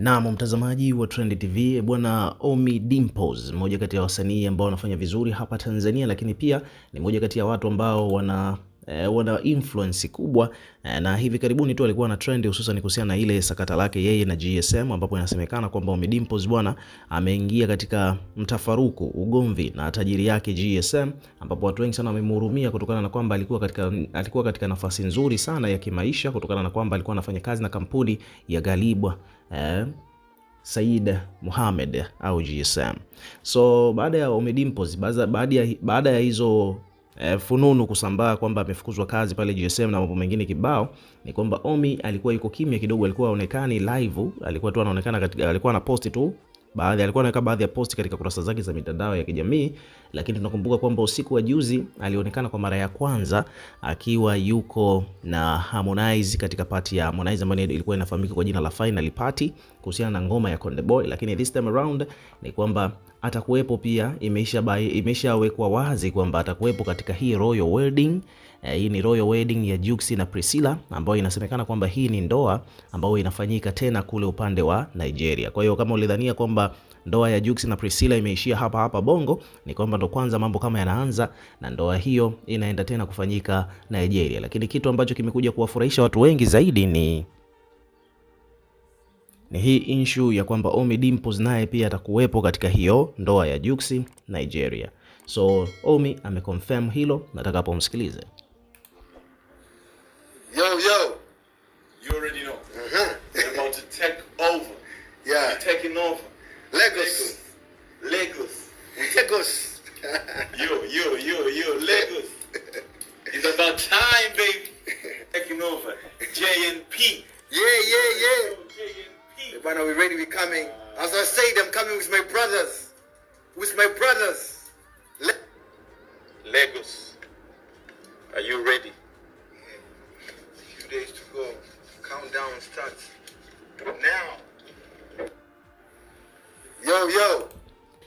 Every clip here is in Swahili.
Naam, mtazamaji wa Trend TV, bwana Ommy Dimpoz, mmoja kati ya wasanii ambao wanafanya vizuri hapa Tanzania, lakini pia ni mmoja kati ya watu ambao wana eh, wana influence kubwa eh, na hivi karibuni tu alikuwa na trend hususan kuhusiana na ile sakata lake yeye na GSM, ambapo inasemekana kwamba Ommy Dimpoz bwana ameingia katika mtafaruku, ugomvi na tajiri yake GSM, ambapo watu wengi sana wamemhurumia kutokana na kwamba alikuwa katika, alikuwa katika nafasi nzuri sana ya kimaisha kutokana na kwamba alikuwa anafanya kazi na kampuni ya Galibwa eh, Said Mohamed au GSM. So baada ya Ommy Dimpoz, baada ya hizo e, fununu kusambaa kwamba amefukuzwa kazi pale GSM na mambo mengine kibao, ni kwamba Omi alikuwa yuko kimya kidogo, alikuwa haonekani live, alikuwa tu anaonekana katika, alikuwa post tu baadhi alikuwa anaweka baadhi ya post katika kurasa zake za mitandao ya kijamii, lakini tunakumbuka kwamba usiku wa juzi alionekana kwa mara ya kwanza akiwa yuko na Harmonize katika party ya Harmonize ambayo ilikuwa inafahamika kwa jina la Final Party kuhusiana na ngoma ya Konde Boy, lakini this time around ni kwamba atakuwepo pia, imeisha bai, imeshawekwa wazi kwamba atakuwepo katika hii royal wedding. E, hii ni royal wedding ya Jux na Priscilla ambayo inasemekana kwamba hii ni ndoa ambayo inafanyika tena kule upande wa Nigeria. Kwa hiyo kama ulidhania kwamba ndoa ya Jux na Priscilla imeishia hapa hapa Bongo, ni kwamba ndo kwanza mambo kama yanaanza na ndoa hiyo inaenda tena kufanyika Nigeria. Lakini kitu ambacho kimekuja kuwafurahisha watu wengi zaidi ni ni hii issue ya kwamba Ommy Dimpoz naye pia atakuwepo katika hiyo ndoa ya Juksi Nigeria. So Ommy ameconfirm hilo, na pomsikilize. Yo, yo. You already know. Uh mm-hmm. -huh. about to take over. Yeah. taking over. Lagos. Lagos. Lagos. yo, yo, yo, yo, Lagos. It's about time, baby. Taking over. JNP. Yeah, yeah, yeah. JNP. When are we ready? We're coming. As I said, I'm coming with my brothers. With my brothers. Le- Lagos, are you ready? Yeah. Few days to go. Countdown starts.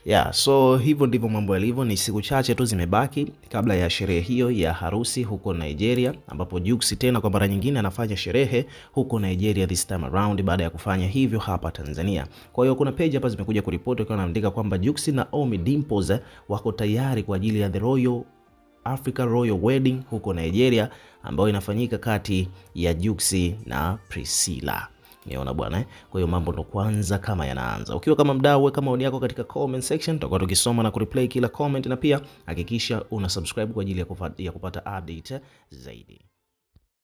Yeah, so hivyo ndivyo mambo yalivyo. Ni siku chache tu zimebaki kabla ya sherehe hiyo ya harusi huko Nigeria, ambapo Jux tena kwa mara nyingine anafanya sherehe huko Nigeria this time around, baada ya kufanya hivyo hapa Tanzania. Kwa hiyo kuna page hapa zimekuja kuripoti wakiwa wanaandika kwamba Jux na Omi Dimples wako tayari kwa ajili ya the Royal Africa Royal Wedding huko Nigeria ambayo inafanyika kati ya Jux na Priscilla. Niona bwana eh? Kwa hiyo mambo ndo kwanza kama yanaanza. Ukiwa kama mdau, weka maoni yako katika comment section, tutakuwa tukisoma na kureplay kila comment, na pia hakikisha una subscribe kwa ajili ya kupata update zaidi.